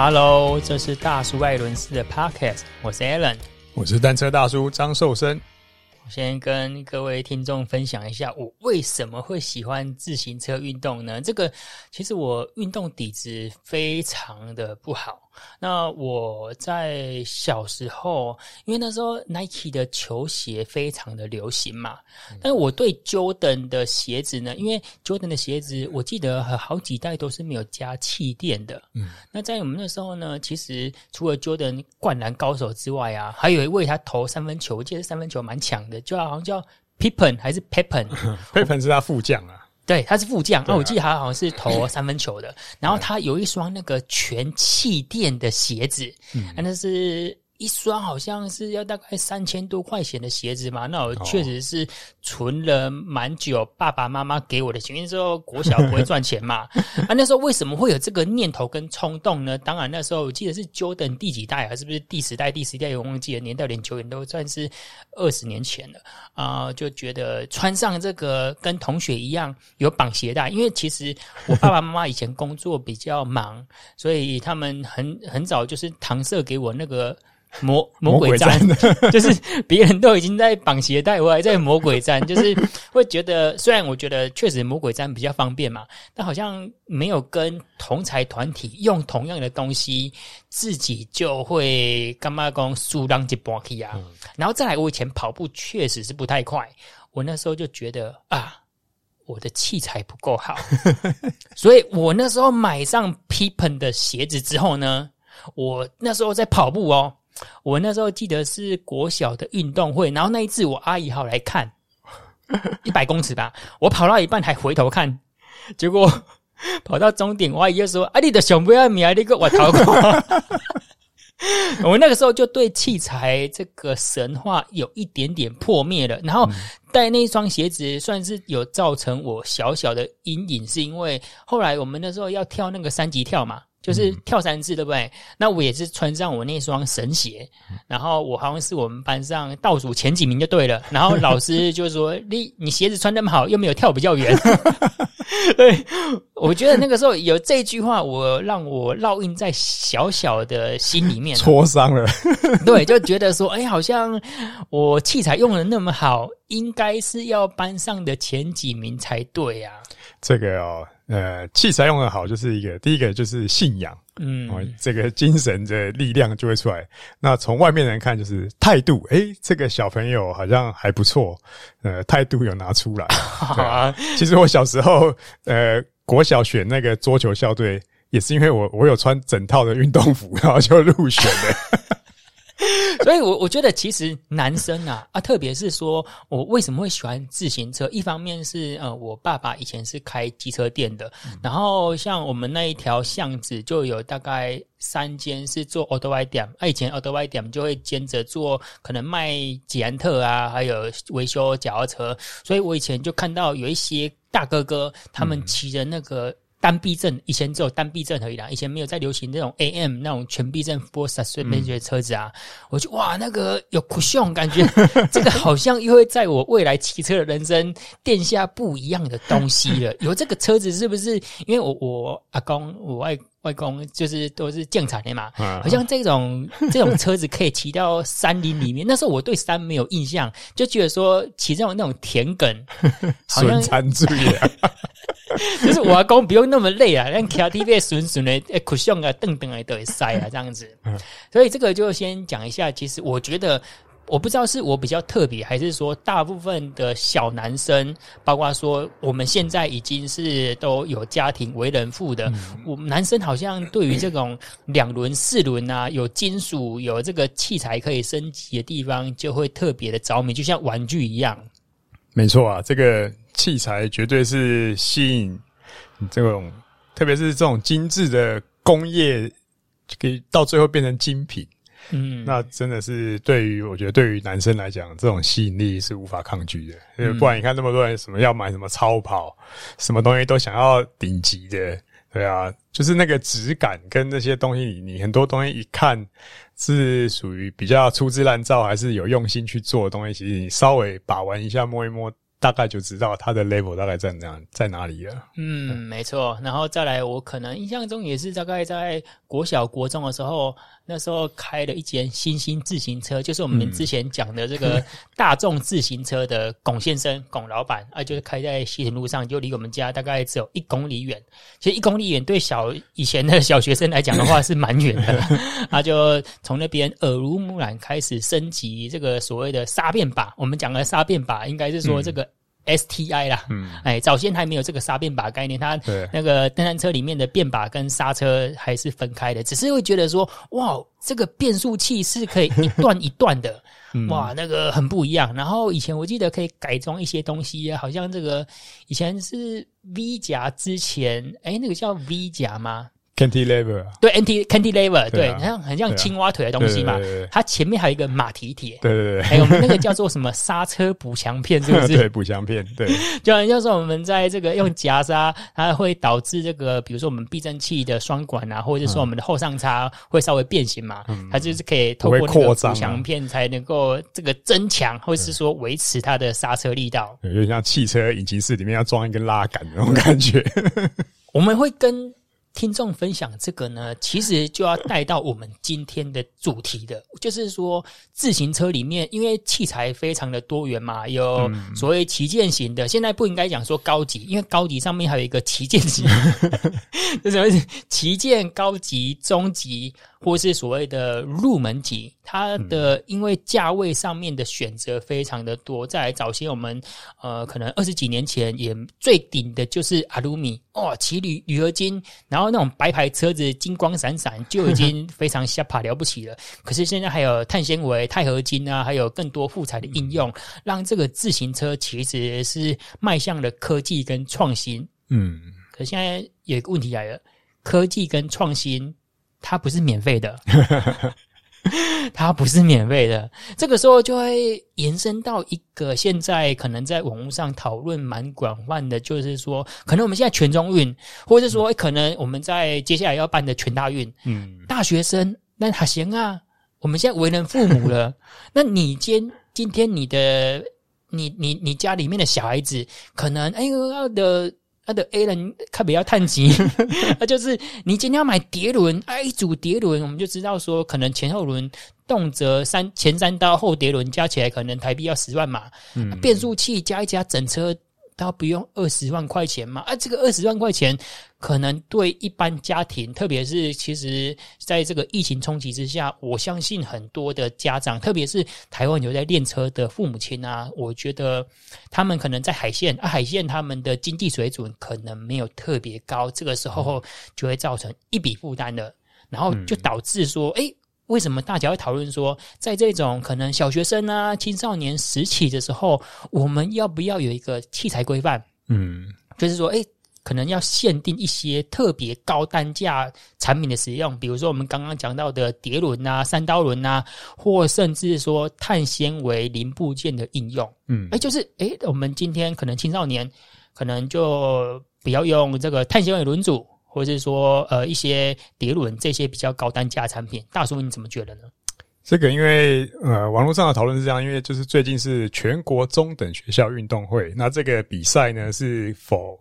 哈嘍，Hello, 這是大叔愛輪式的 Podcast，我是 Alan，我是單車大叔張壽生。我先跟各位聽眾分享一下，我為什麼會喜歡自行車運動呢？這個其實我運動底子非常的不好。那我在小時候，因為那時候 Nike 的球鞋非常的流行嘛，但是我對 Jordan 的鞋子呢，因為 Jordan 的鞋子，我記得好幾代都是沒有加氣墊的。嗯，那在我們那時候呢，其實除了 Jordan 灌籃高手之外啊，還有一位他投三分球，我記得三分球蠻強的，就好像叫 Pippen 還是 Pippen？Pippen 呵我是他副將啊。對，他是副將對啊、哦，我記得他好像是投三分球的，對啊、然後他有一雙那個全氣墊的鞋子，對啊，啊那是。一雙好像是要大概三千多塊錢的鞋子嘛，那我確實是存了蠻久爸爸媽媽給我的錢，因為那時候國小不會賺錢嘛。 啊，那時候為什麼會有這個念頭跟衝動呢？當然那時候我記得是 Jordan 第幾代啊，是不是第十代？第十代我忘記了。年代有點久遠，都算是二十年前了啊、呃，就覺得穿上這個跟同學一樣有綁鞋帶，因為其實我爸爸媽媽以前工作比較忙， 所以他們很很早就是搪塞給我那個。魔魔鬼氈，鬼氈就是別人都已經在綁鞋帶，我還在魔鬼氈， 就是會覺得雖然我覺得確實魔鬼氈比較方便嘛，但好像沒有跟同儕團體用同樣的東西，自己就會幹嘛講輸張及 b l o 然後再來，我以前跑步確實是不太快，我那時候就覺得啊，我的器材不夠好， 所以我那時候買上 Pippen 的鞋子之後呢，我那時候在跑步哦。我那時候記得是國小的運動會，然後那一次我阿姨好來看，一百公尺吧，我跑到一半還回頭看，結果跑到終點，我阿姨就說：“啊，你的熊不要你啊，那個我逃過。” 我那個時候就對器材這個神話有一點點破滅了，然後帶那一雙鞋子算是有造成我小小的陰影，是因為後來我們那時候要跳那個三級跳嘛。就是跳三次，嗯、對不對？那我也是穿上我那雙神鞋，嗯、然後我好像是我們班上倒數前幾名就對了。然後老師就說：“你 你鞋子穿那麼好，又沒有跳比較遠。” 對，我覺得那個時候有這句話，我讓我烙印在小小的心裡面，挫傷了。 對，就覺得說：“哎，好像我器材用的那麼好，應該是要班上的前幾名才對呀、啊。”這個、哦、呃，器材用的好就是一個，第一個就是信仰，嗯、哦，這個精神的力量就會出來。那從外面人看就是態度，哎、欸，這個小朋友好像還不錯，呃，態度有拿出來 對。其實我小時候，呃，國小選那個桌球校隊，也是因為我我有穿整套的運動服，然後就入選了。 所以，我我覺得其實男生啊啊，特別是說我為什麼會喜歡自行車，一方面是呃，我爸爸以前是開機車店的，嗯、然後像我們那一條巷子就有大概三間是做歐兜邁啊，以前歐兜邁就會兼着做，可能賣捷安特啊，還有維修腳踏車，所以我以前就看到有一些大哥哥他們騎着那個。單避震，以前只有單避震而已啦。以前沒有在流行這種 AM 那種全避震 full suspension 的車子啊。嗯、我就哇，那個有酷炫感覺， 這個好像又會在我未來騎車的人生墊下不一樣的東西了。 有這個車子是不是？因為我我阿公我外。外公就是都是建材的嘛，嗯、好像這種、嗯、這種車子可以騎到山林裡面。嗯、那時候我對山沒有印象，就覺得說騎這種那種田埂，呵呵好像慘劇啊！ 就是我阿公不用那麼累啊，讓 KTV 損損的，哭笑啊，蹬蹬啊都會塞啊這樣子。嗯，所以這個就先講一下。其實我覺得。我不知道是我比較特別，還是說大部分的小男生，包括說我們現在已經是都有家庭、為人父的，我們男生好像對於這種兩輪、四輪啊，有金屬、有這個器材可以升級的地方，就會特別的着迷，就像玩具一樣。沒錯啊，這個器材絕對是吸引這種，特別是這種精緻的工業，給到最後變成精品。嗯， 那真的是對於我覺得對於男生來講，這種吸引力是無法抗拒的。不然你看那麼多人什麼要買什麼超跑，什麼東西都想要頂級的，對啊，就是那個質感跟那些東西，你很多東西一看是屬於比較粗製濫造，還是有用心去做的東西，其實你稍微把玩一下，摸一摸，大概就知道它的 level 大概在哪在哪裡了。嗯，嗯，沒錯。然後再來，我可能印象中也是大概在國小國中的時候。那時候開了一間新興自行車，就是我們之前講的這個大眾自行車的龔先生、龔老板啊，就是開在西行路上，就離我們家大概只有一公里遠。其實一公里遠對小以前的小學生來講的話是蠻遠的了，他、 啊、就從那邊耳濡目染開始升級這個所謂的“煞變把”。我們講的“煞變把”，應該是說這個。S T I 啦，嗯，哎、欸，早先還沒有這個剎變把概念，它那個登山車裡面的變把跟剎車還是分開的，只是會覺得說，哇，這個變速器是可以一段一段的， 嗯、哇，那個很不一樣。然後以前我記得可以改裝一些東西，好像這個以前是 V 夾之前，哎、欸，那個叫 V 夾嗎？cantilever，對，NT cantilever，對，像、啊、很像青蛙腿的東西嘛。啊、它前面還有一個馬蹄鐵，對對對，對、欸，還有那個叫做什麼剎車補強片，是不是？ 對，補強片，對，就很像是我們在這個用夾剎，它會導致這個，比如說我們避震器的雙管啊，或者說我們的後上叉會稍微變形嘛，嗯、它就是可以透過那個補強片才能夠這個增強，或者是說維持它的剎車力道。有點像汽車引擎室裡面要裝一個拉桿那種感覺。 我們會跟。聽眾分享這個呢，其實就要帶到我們今天的主題的，就是說自行車裡面，因為器材非常的多元嘛，有所謂旗艦型的，現在不應該講說高級，因為高級上面還有一個旗艦型，就是 旗艦、高級、中級。或是所謂的入門級，它的因為價位上面的選擇非常的多，在、嗯、早些我們呃可能二十幾年前，也最頂的就是阿魯米哦，騎鋁鋁合金，然後那種白牌車子金光閃閃，就已經非常嚇怕呵了不起了。可是現在還有碳纖維、鈦合金啊，還有更多複材的應用，嗯、讓這個自行車其實是邁向了科技跟創新。嗯，可是現在有一個問題來了，科技跟創新。它不是免費的， 它不是免費的。這個時候就會延伸到一個現在可能在網絡上討論蠻廣泛的，就是說，可能我們現在全中運，或者說、欸、可能我們在接下來要辦的全大運，嗯，大學生那還行啊。我們現在為人父母了， 那你今天今天你的你你你家裡面的小孩子，可能哎呦、欸、的。他的 A 輪他比較嘆急，那就是你今天要買碟輪，啊一組碟輪，我們就知道說，可能前後輪動輒三前三刀後碟輪加起來可能台幣要十萬嘛，嗯嗯啊、變速器加一加整車。他不用二十萬塊錢嘛？啊，這個二十萬塊錢可能對一般家庭，特別是其實在這個疫情衝擊之下，我相信很多的家長，特別是台灣有在練車的父母親啊，我覺得他們可能在海線啊，海線他們的經濟水準可能沒有特別高，這個時候就會造成一筆負擔了，然後就導致說，哎、嗯。為什麼大家會討論說，在這種可能小學生啊、青少年時期的時候，我們要不要有一個器材規範？嗯，就是說，哎、欸，可能要限定一些特別高單價產品的使用，比如說我們剛剛講到的碟輪啊、三刀輪啊，或甚至說碳纖維零部件的應用。嗯，哎、欸，就是哎、欸，我們今天可能青少年可能就不要用這個碳纖維輪組。或者是說，呃，一些碟輪這些比較高單價產品，大叔你怎麼覺得呢？這個因為，呃，網絡上的討論是這樣，因為就是最近是全國中等學校運動會，那這個比賽呢，是否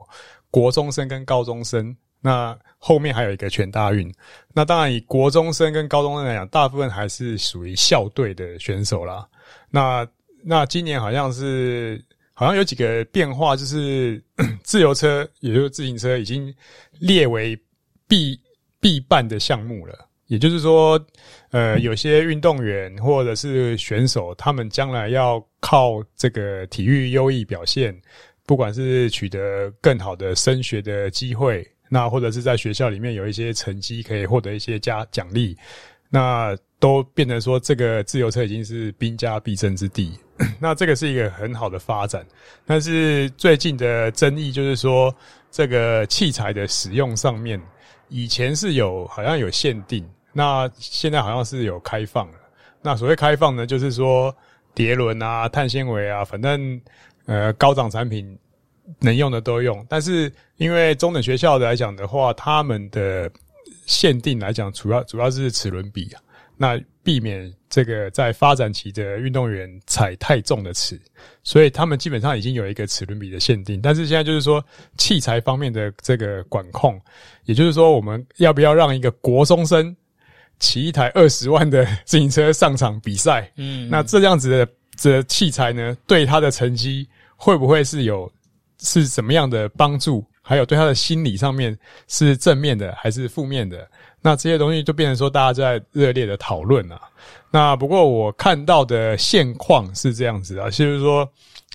國中生跟高中生？那後面還有一個全大運，那當然以國中生跟高中生來講，大部分還是屬於校隊的選手啦。那那今年好像是。好像有幾個變化，就是自由車，也就是自行車，已經列為必必辦的項目了。也就是說，呃，有些運動員或者是選手，他們將來要靠這個體育優異表現，不管是取得更好的升學的機會，那或者是在學校裡面有一些成績，可以獲得一些加獎勵，那都變得說，這個自由車已經是兵家必爭之地。 那這個是一個很好的發展，但是最近的爭議就是說，這個器材的使用上面，以前是有好像有限定，那現在好像是有開放了。那所謂開放呢，就是說碟輪啊、碳纖維啊，反正呃高檔產品能用的都用。但是因為中等學校的來講的話，他們的限定來講，主要主要是齒輪比啊，那避免。這個在發展期的運動員踩太重的齒，所以他們基本上已經有一個齒輪比的限定。但是現在就是說，器材方面的這個管控，也就是說，我們要不要讓一個國中生騎一台二十萬的自行車上場比賽？嗯，嗯，那這樣子的這器材呢，對他的成績會不會是有是什麼樣的幫助？還有對他的心理上面是正面的還是負面的？那這些東西就變成說，大家在熱烈的討論了。那不過我看到的現況是這樣子啊，就是說，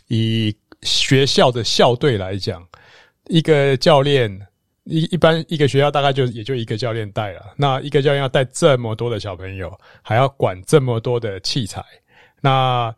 以學校的校隊來講，一個教練一一般一個學校大概就也就一個教練帶了。那一個教練要帶這麼多的小朋友，還要管這麼多的器材，那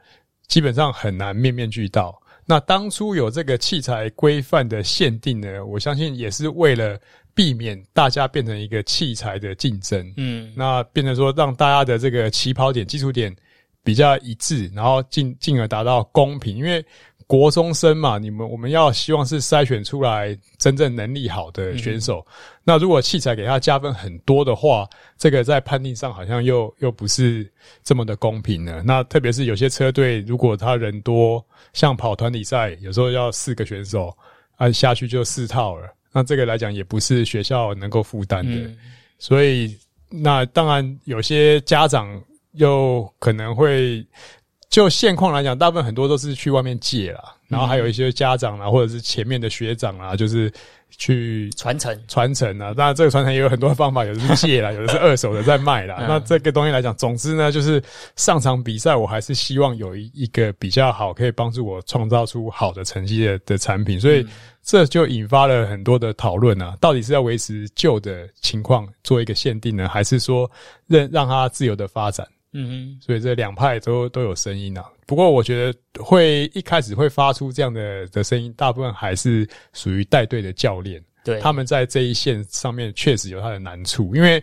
基本上很難面面俱到。那當初有這個器材規範的限定呢，我相信也是為了。避免大家變成一個器材的競爭，嗯，那變成說讓大家的這個起跑點、基礎點比較一致，然後進進而達到公平。因為國中生嘛，你們我們要希望是篩選出來真正能力好的選手。嗯哼。那如果器材給他加分很多的話，這個在判定上好像又又不是這麼的公平了。嗯。那特別是有些車隊，如果他人多，像跑團體賽，有時候要四個選手，按下去就四套了。那這個來講也不是學校能夠負擔的，嗯、所以那當然有些家長又可能會，就現況來講，大部分很多都是去外面借啦。然後還有一些家長啦、啊，或者是前面的學長啦、啊，就是去傳承傳承啊。當然，這個傳承也有很多方法，有的是借啦，有的是二手的在賣啦， 那這個東西來講，總之呢，就是上場比賽，我還是希望有一一個比較好，可以幫助我創造出好的成績的的產品。所以這就引發了很多的討論啊，到底是要維持舊的情況做一個限定呢，還是說讓讓它自由的發展？嗯哼，所以這兩派都都有聲音啊，不過我覺得會一開始會發出這樣的的聲音，大部分還是屬於帶隊的教練。對，他們在這一線上面確實有他的難處，因為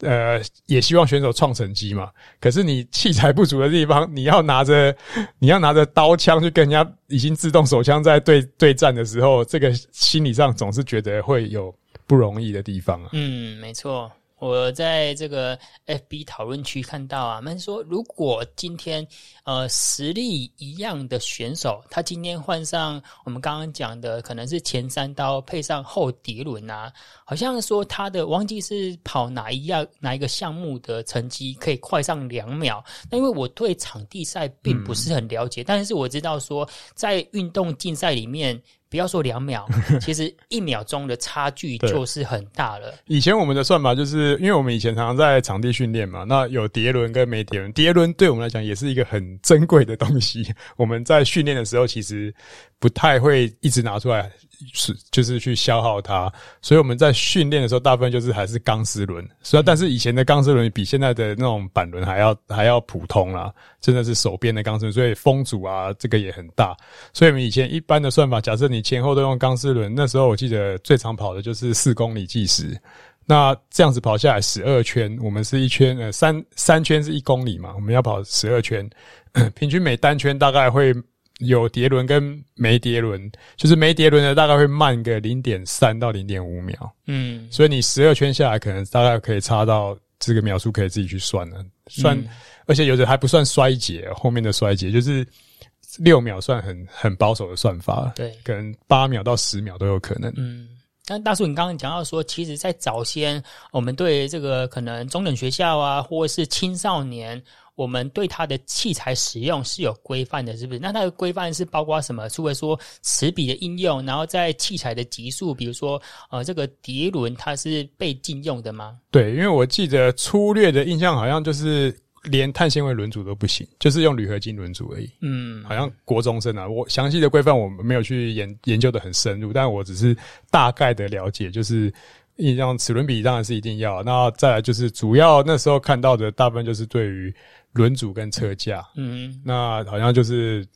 呃，也希望選手創成績嘛。可是你器材不足的地方，你要拿着你要拿着刀槍去跟人家已經自動手槍在對對戰的時候，這個心理上總是覺得會有不容易的地方啊。嗯，沒錯。我在這個 FB 討論區看到啊，他們說，如果今天呃實力一樣的選手，他今天換上我們剛剛講的可能是前三刀配上後碟輪啊，好像說他的忘記是跑哪一樣哪一個項目的成績可以快上兩秒。那因為我對場地賽並不是很了解，嗯，但是我知道說在運動競賽裡面。不要說兩秒，其實一秒鐘的差距就是很大了。 以前我們的算法就是，因為我們以前常常在場地訓練嘛，那有碟輪跟沒碟輪。碟輪對我們來講也是一個很珍貴的東西。我們在訓練的時候，其實。不太會一直拿出來，是就是去消耗它，所以我們在訓練的時候，大部分就是還是鋼絲輪。雖然，但是以前的鋼絲輪比現在的那種板輪還要還要普通啦，真的是手編的鋼絲輪，所以風阻啊，這個也很大。所以，我們以前一般的算法，假設你前後都用鋼絲輪，那時候我記得最常跑的就是四公里計時。那這樣子跑下來十二圈，我們是一圈呃三三圈是一公里嘛，我們要跑十二圈， 平均每單圈大概會。有碟輪跟沒碟輪，就是沒碟輪的大概會慢個零點三到零點五秒，嗯，所以你十二圈下來可能大概可以差到這個秒數，可以自己去算了，算，嗯、而且有的還不算衰竭，後面的衰竭就是六秒算很很保守的算法，對，可能八秒到十秒都有可能，嗯，但大叔，你剛剛講到說，其實在早先我們對這個可能中等學校啊，或是青少年。我們對它的器材使用是有規範的，是不是？那它的規範是包括什麼？除非說齒比的應用，然後在器材的級數，比如說，呃，這個碟輪它是被禁用的嗎？對，因為我記得粗略的印象好像就是連碳纖維輪組都不行，就是用鋁合金輪組而已。嗯，好像國中生啊，我詳細的規範我沒有去研研究的很深入，但我只是大概的了解，就是，印象齒輪比當然是一定要。那再來就是主要那時候看到的大部分就是對於。輪組跟車架，嗯，那好像就是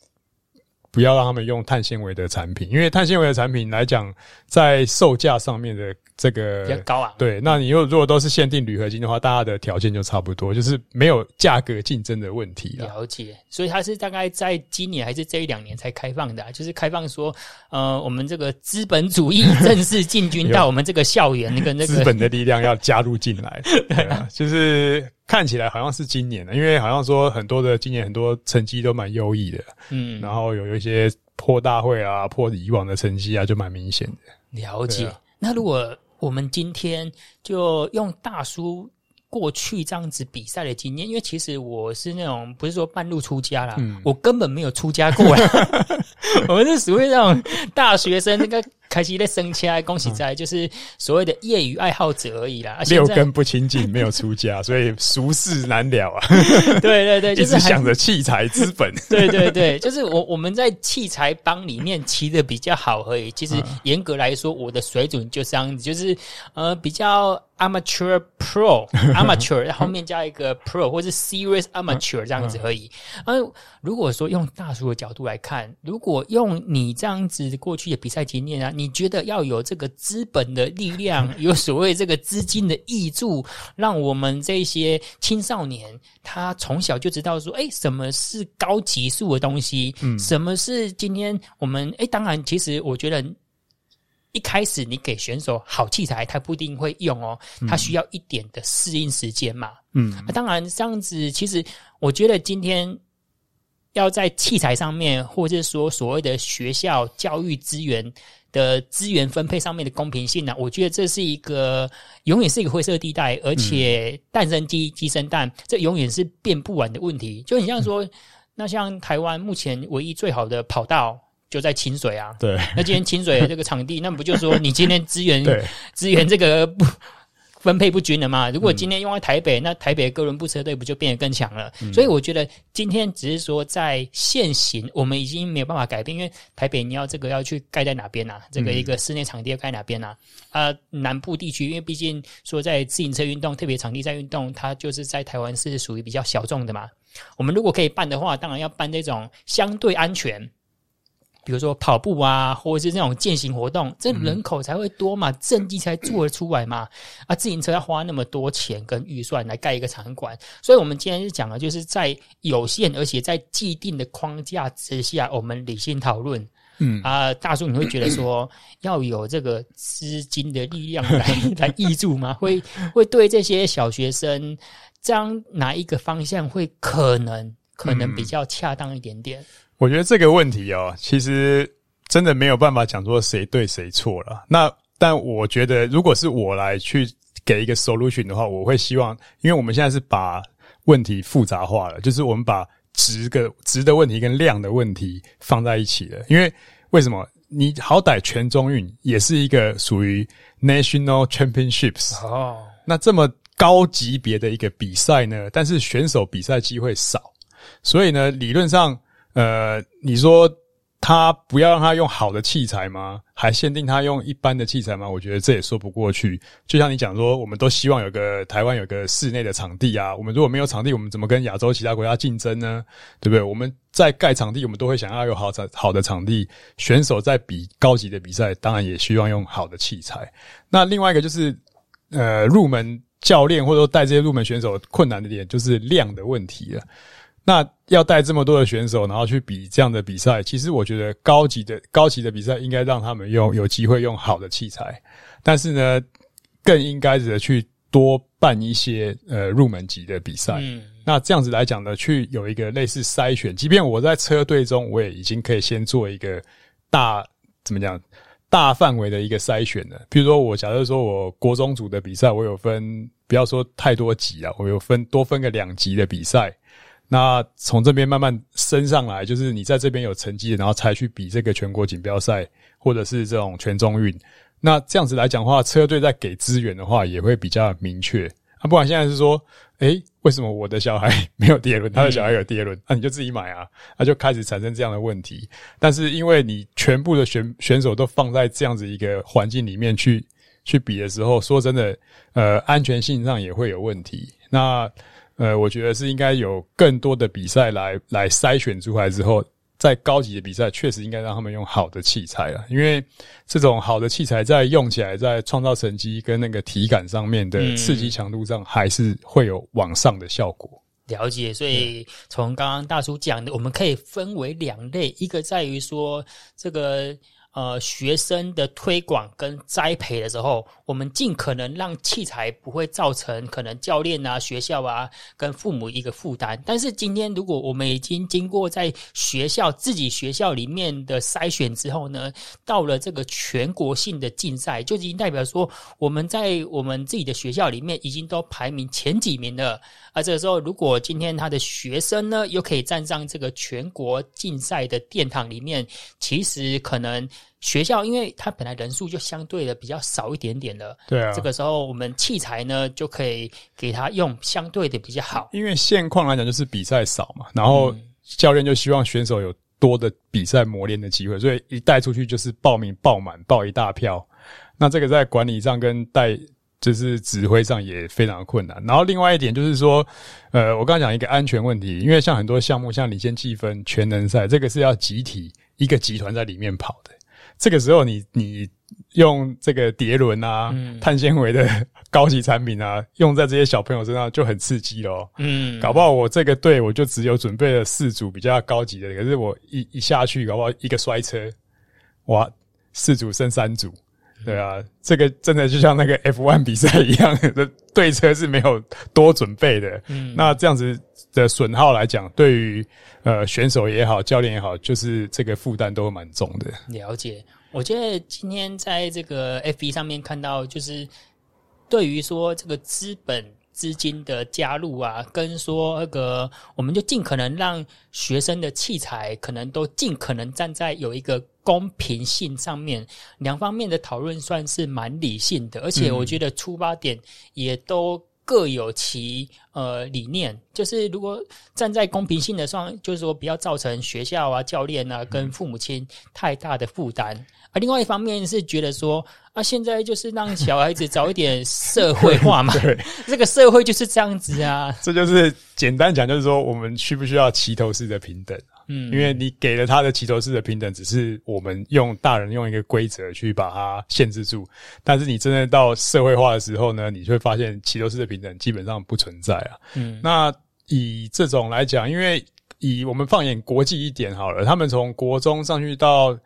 不要讓他們用碳纖維的產品，因為碳纖維的產品來講，在售價上面的這個比較高啊。對，那你又如果都是限定鋁合金的話，大家的條件就差不多，就是沒有價格競爭的問題啦。了解，所以它是大概在今年還是這一兩年才開放的啊，就是開放說，呃，我們這個資本主義正式進軍到我們這個校園， 跟這個資本的力量要加入進來， 對啊，就是。看起來好像是今年的，因為好像說很多的今年很多成績都蠻優異的，嗯，然後有、有一些破大會啊、破以往的成績啊，就蠻明顯的。了解。啊、那如果我們今天就用大叔過去這樣子比賽的經驗，因為其實我是那種不是說半路出家啦，嗯、我根本沒有出家過，我們是屬於那種大學生那個。 開始在生車，恭喜在，嗯、就是所謂的業餘愛好者而已啦。啊、六根不清淨，沒有出家， 所以俗事難了啊。 對對對，就是想着器材資本。 對，對對對，就是我我們在器材幫裡面騎得比較好而已。其實嚴格來說，我的水準就是這樣子，就是呃比較。Amateur Pro，Amateur，然 後面加一個 Pro，或者是 Serious Amateur 這樣子而已，嗯嗯啊。如果說用大叔的角度來看，如果用你這樣子過去的比賽經驗啊，你覺得要有這個資本的力量，有所謂這個資金的挹注， 讓我們這些青少年他從小就知道說，誒、欸、什麼是高級數的東西？嗯，什麼是今天我們？誒、欸、當然，其實我覺得。一開始你給選手好器材，他不一定會用哦，他需要一點的適應時間嘛。嗯，那、啊、當然這樣子，其實我覺得今天要在器材上面，或者是說所謂的學校教育資源的資源分配上面的公平性呢、啊，我覺得這是一個永遠是一個灰色地帶，而且蛋生雞，雞生蛋，這永遠是變不完的問題。就很像說，那像台灣目前唯一最好的跑道。就在清水啊，對，那今天清水的這個場地， 那不就是說你今天資源資源這個不分配不均了嘛？如果今天用在台北，嗯、那台北的哥倫布車隊不就變得更強了？嗯、所以我覺得今天只是說在現行，我們已經沒有辦法改變，因為台北你要這個要去蓋在哪邊啊？這個一個室內場地要蓋哪邊啊？嗯、啊，南部地區，因為畢竟說在自行車運動，特別場地在運動，它就是在台灣是屬於比較小眾的嘛。我們如果可以辦的話，當然要辦這種相對安全，比如說跑步啊，或者是那種健行活動，這人口才會多嘛，政績才做得出來嘛。啊，自行車要花那麼多錢跟預算來蓋一個場館，所以我們今天是講的就是在有限而且在既定的框架之下，我們理性討論。嗯啊，大叔，你會覺得說要有這個資金的力量來、嗯、來挹注嗎？會會對這些小學生，將哪一個方向會可能可能比較恰當一點點？我覺得這個問題哦，其實真的沒有辦法講說誰對誰錯了。那但我覺得，如果是我來去給一個 solution 的話，我會希望，因為我們現在是把問題複雜化了，就是我們把值的值的問題跟量的問題放在一起了。因為為什麼？你好歹全中運也是一個屬於 national championships 哦，oh. 那這麼高級別的一個比賽呢？但是選手比賽機會少，所以呢，理論上。呃，你說他不要讓他用好的器材嗎？還限定他用一般的器材嗎？我覺得這也說不過去。就像你講說，我們都希望有個台灣有個室內的場地啊。我們如果沒有場地，我們怎麼跟亞洲其他國家競爭呢？對不對？我們在蓋場地，我們都會想要有好場好的場地。選手在比高級的比賽，當然也希望用好的器材。那另外一個就是，呃，入門教練或者說帶這些入門選手困難的點，就是量的問題了啊。那要帶這麼多的選手，然後去比這樣的比賽，其實我覺得高級的高級的比賽應該讓他們用，有機會用好的器材，但是呢，更應該的去多辦一些呃入門級的比賽。嗯、那這樣子來講呢，去有一個類似篩選，即便我在車隊中，我也已經可以先做一個大怎麼講大範圍的一個篩選了。譬如說我假設說我國中組的比賽，我有分，不要說太多級了，我有分多分個兩級的比賽。那從這邊慢慢升上來，就是你在這邊有成績，然後才去比這個全國錦標賽，或者是這種全中運。那這樣子來講的話，車隊在給資源的話，也會比較明確。啊，不管現在是說，哎，為什麼我的小孩沒有碟輪，他的小孩有碟輪，那你就自己買啊，啊，那就開始產生這樣的問題。但是因為你全部的選選手都放在這樣子一個環境裡面去去比的時候，說真的，呃，安全性上也會有問題。那呃，我覺得是應該有更多的比賽來來篩選出來之後，在高級的比賽確實應該讓他們用好的器材啊，因為這種好的器材在用起來，在創造成績跟那個體感上面的刺激強度上，還是會有往上的效果。嗯、了解，所以從剛剛大叔講的，嗯、我們可以分為兩類，一個在於說這個。呃，學生的推廣跟栽培的時候，我們盡可能讓器材不會造成可能教練啊、學校啊跟父母一個負擔。但是今天，如果我們已經經過在學校自己學校裡面的篩選之後呢，到了這個全國性的競賽，就已經代表說我們在我們自己的學校裡面已經都排名前幾名了。而、啊、這個時候，如果今天他的學生呢，又可以站上這個全國競賽的殿堂裡面，其實可能。學校，因為他本來人數就相對的比較少一點點的，對啊。這個時候我們器材呢就可以給他用相對的比較好，因為現況來講就是比賽少嘛，然後教練就希望選手有多的比賽磨練的機會，所以一帶出去就是報名爆滿，爆一大票。那這個在管理上跟帶就是指揮上也非常困難。然後另外一點就是說，呃，我剛剛講一個安全問題，因為像很多項目，像領先積分全能賽，這個是要集體一個集團在裡面跑的。這個時候你，你你用這個碟輪啊，碳纖維的高級產品啊，用在這些小朋友身上就很刺激咯。嗯，搞不好我這個隊我就只有準備了四組比較高級的，可是我一一下去搞不好一個摔車，哇，四組剩三組。對啊，這個真的就像那個 F1 比賽一樣的，對車是沒有多準備的，嗯，那這樣子的損耗來講，對於呃選手也好，教練也好，就是這個負擔都蠻重的。了解，我覺得今天在這個 F1 上面，看到就是對於說這個資本。資金的加入啊，跟說那個，我們就盡可能讓學生的器材可能都盡可能站在有一個公平性上面，兩方面的討論算是蠻理性的，而且我覺得出發點也都。各有其呃理念，就是如果站在公平性的上，就是說不要造成學校啊、教練啊跟父母親太大的負擔，嗯、而另外一方面是覺得說啊，現在就是讓小孩子早一點社會化嘛， 對，這個社會就是這樣子啊。這就是簡單講，就是說我們需不需要齊頭式的平等？嗯，因為你給了他的齊頭式的平等，只是我們用大人用一個規則去把它限制住。但是你真的到社會化的時候呢，你就會發現齊頭式的平等基本上不存在啊。嗯，那以這種來講，因為以我們放眼國際一點好了，他們從國中上去到。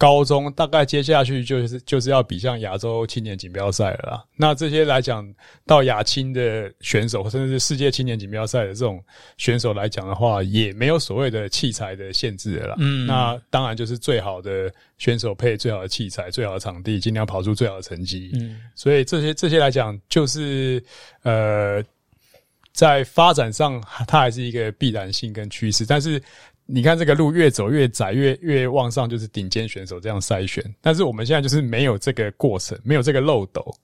高中大概接下去就是就是要比上亞洲青年錦標賽了啦。那這些來講到亞青的選手，甚至是世界青年錦標賽的這種選手來講的話，也沒有所謂的器材的限制了啦。嗯，那當然就是最好的選手配最好的器材、最好的場地，盡量跑出最好的成績。嗯，所以這些這些來講，就是呃，在發展上它還是一個必然性跟趨勢，但是，你看這個路越走越窄，越，越越往上就是頂尖選手這樣篩選。但是我們現在就是沒有這個過程，沒有這個漏斗，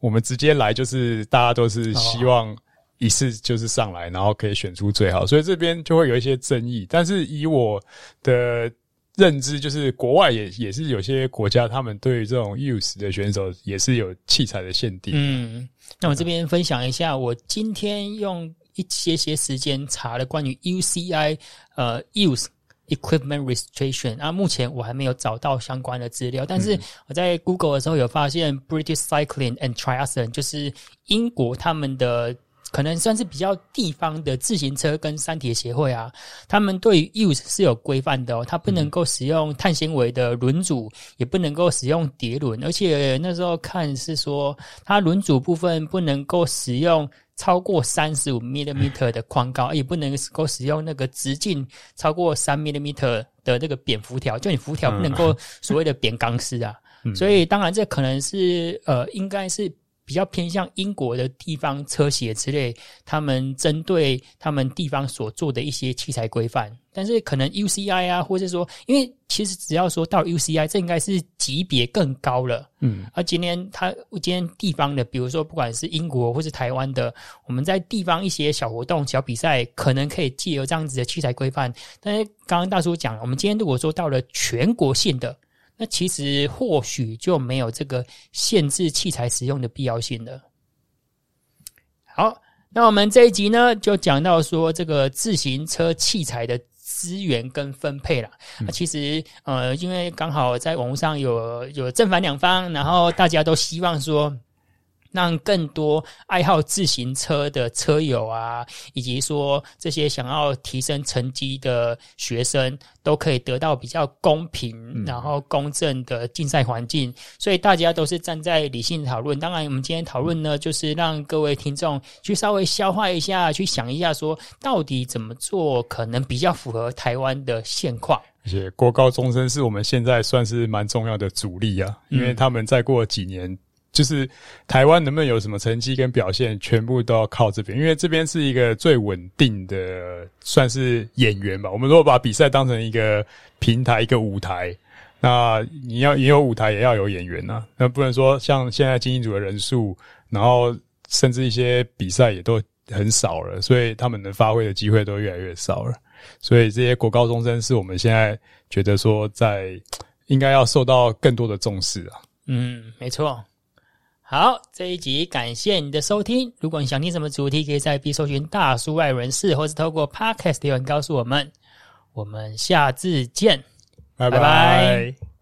我們直接來就是大家都是希望一次就是上來，然後可以選出最好，哦、所以這邊就會有一些爭議。但是以我的認知，就是國外也也是有些國家他們對於這種 use 的選手也是有器材的限定。嗯，那我這邊分享一下，嗯、我今天用。一些些時間查了關於 UCI 呃 use equipment restriction，啊，目前我還沒有找到相關的資料，但是我在 Google 的時候有發現、嗯、British Cycling and Triathlon 就是英國他們的可能算是比較地方的自行車跟三鐵協會啊，他們對於 use 是有規範的，哦，它不能夠使用碳纖維的輪組，也不能夠使用碟輪，而且那時候看是說它輪組部分不能夠使用。超過三十五 m m 的框高，嗯、也不能夠使用那個直徑超過三 m m 的那個扁輻條，就你輻條不能夠所謂的扁鋼絲啊。嗯、所以，當然這可能是呃，應該是。比較偏向英國的地方車協之類，他們針對他們地方所做的一些器材規範，但是可能 UCI 啊，或者是說，因為其實只要說到 UCI，這應該是級別更高了。嗯。而今天他，今天地方的，比如說不管是英國或是台灣的，我們在地方一些小活動、小比賽，可能可以借由這樣子的器材規範。但是剛剛大叔講了，我們今天如果說到了全國性的。那其實或許就沒有這個限制器材使用的必要性了。好，那我們這一集呢，就講到說這個自行車器材的資源跟分配啦。那其實呃，因為剛好在網絡上有有正反兩方，然後大家都希望說。讓更多愛好自行車的車友啊，以及說這些想要提升成績的學生，都可以得到比較公平，然後公正的競賽環境。所以大家都是站在理性討論。當然，我們今天討論呢，就是讓各位聽眾去稍微消化一下，去想一下，說到底怎麼做可能比較符合台灣的現況。而且，國高中生是我們現在算是蠻重要的主力啊，因為他們再過幾年。就是台灣能不能有什麼成績跟表現，全部都要靠這邊，因為這邊是一個最穩定的，算是演員吧。我們如果把比賽當成一個平台，一個舞台，那你要也有舞台，也要有演員吶、啊。那不能說像現在精英組的人數，然後甚至一些比賽也都很少了，所以他們能發揮的機會都越來越少了。所以這些國高中生是我們現在覺得說在應該要受到更多的重視啊。嗯，沒錯。好，這一集感謝你的收聽。如果你想聽什麼主題，可以在 B 搜尋“大叔外人士”，或是透過 Podcast 留言告訴我們。我們下次見，拜拜 bye。Bye bye